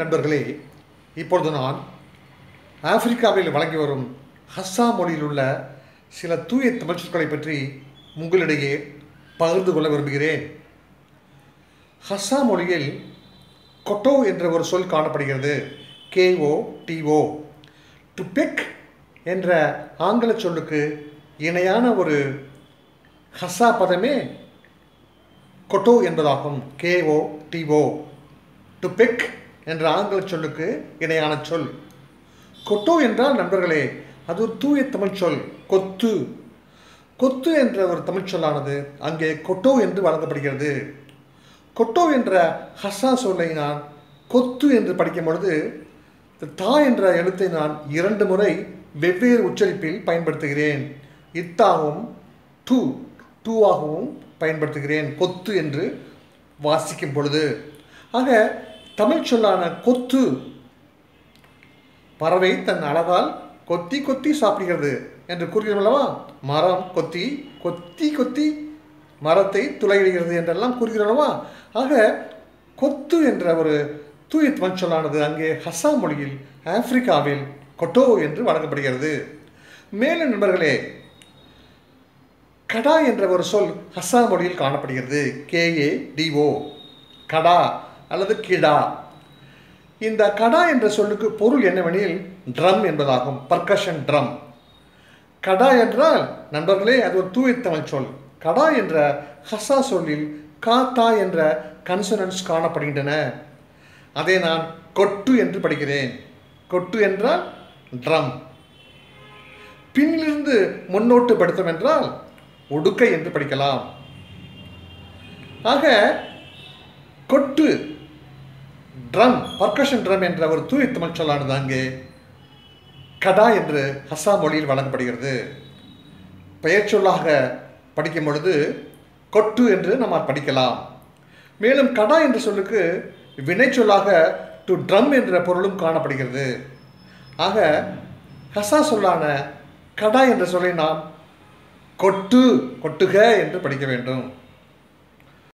நண்பர்களே இப்பொழுது நான் ஆப்பிரிக்காவில் வழங்கி வரும் ஹஸ்ஸா மொழியில் உள்ள சில தூய தமிழ் சொற்களை பற்றி உங்களிடையே பகிர்ந்து கொள்ள விரும்புகிறேன் ஹஸ்ஸா மொழியில் கொட்டோ என்ற ஒரு சொல் காணப்படுகிறது கேஓ டிஓ டு பெக் என்ற ஆங்கில சொல்லுக்கு இணையான ஒரு ஹஸ்ஸா பதமே கொட்டோ என்பதாகும் கேஓ டிஓ டு பெக் என்ற ஆங்கில சொல்லுக்கு இணையான சொல் கொட்டோ என்றால் நண்பர்களே அது ஒரு தூய தமிழ் சொல் கொத்து கொத்து என்ற ஒரு தமிழ் சொல்லானது அங்கே கொட்டோ என்று வழங்கப்படுகிறது கொட்டோ என்ற ஹசா சொல்லை நான் கொத்து என்று படிக்கும் பொழுது தா என்ற எழுத்தை நான் இரண்டு முறை வெவ்வேறு உச்சரிப்பில் பயன்படுத்துகிறேன் இத்தாகவும் டூ டூவாகவும் பயன்படுத்துகிறேன் கொத்து என்று வாசிக்கும் பொழுது ஆக தமிழ் சொல்லான கொத்து பறவை தன் அளவால் கொத்தி கொத்தி சாப்பிடுகிறது என்று கூறுகிறோம் அல்லவா மரம் கொத்தி கொத்தி கொத்தி மரத்தை துளையிடுகிறது என்றெல்லாம் கூறுகிறோம் ஆக கொத்து என்ற ஒரு தமிழ் சொல்லானது அங்கே ஹசா மொழியில் ஆப்பிரிக்காவில் கொட்டோ என்று வழங்கப்படுகிறது மேலும் நண்பர்களே கடா என்ற ஒரு சொல் ஹசா மொழியில் காணப்படுகிறது கேஏ டிஓ கடா அல்லது கிடா இந்த கடா என்ற சொல்லுக்கு பொருள் என்னவெனில் ட்ரம் என்பதாகும் பர்கஷன் ட்ரம் கடா என்றால் நண்பர்களே அது ஒரு தூயத்தமிழ் சொல் கடா என்ற ஹசா சொல்லில் காத்தா என்ற கன்சனன்ஸ் காணப்படுகின்றன அதை நான் கொட்டு என்று படிக்கிறேன் கொட்டு என்றால் ட்ரம் பின்னிலிருந்து முன்னோட்டு படுத்தம் என்றால் ஒடுக்கை என்று படிக்கலாம் ஆக கொட்டு ட்ரம் பர்கஷன் ட்ரம் என்ற ஒரு தூய தமிழ் சொல்லானது அங்கே கடா என்று ஹசா மொழியில் வழங்கப்படுகிறது பெயர் சொல்லாக படிக்கும் பொழுது கொட்டு என்று நம்ம படிக்கலாம் மேலும் கடா என்ற சொல்லுக்கு வினை சொல்லாக டு ட்ரம் என்ற பொருளும் காணப்படுகிறது ஆக ஹசா சொல்லான கடா என்ற சொல்லை நாம் கொட்டு கொட்டுக என்று படிக்க வேண்டும்